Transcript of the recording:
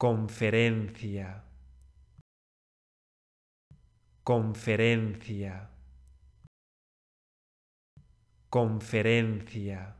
conferencia, conferencia, conferencia.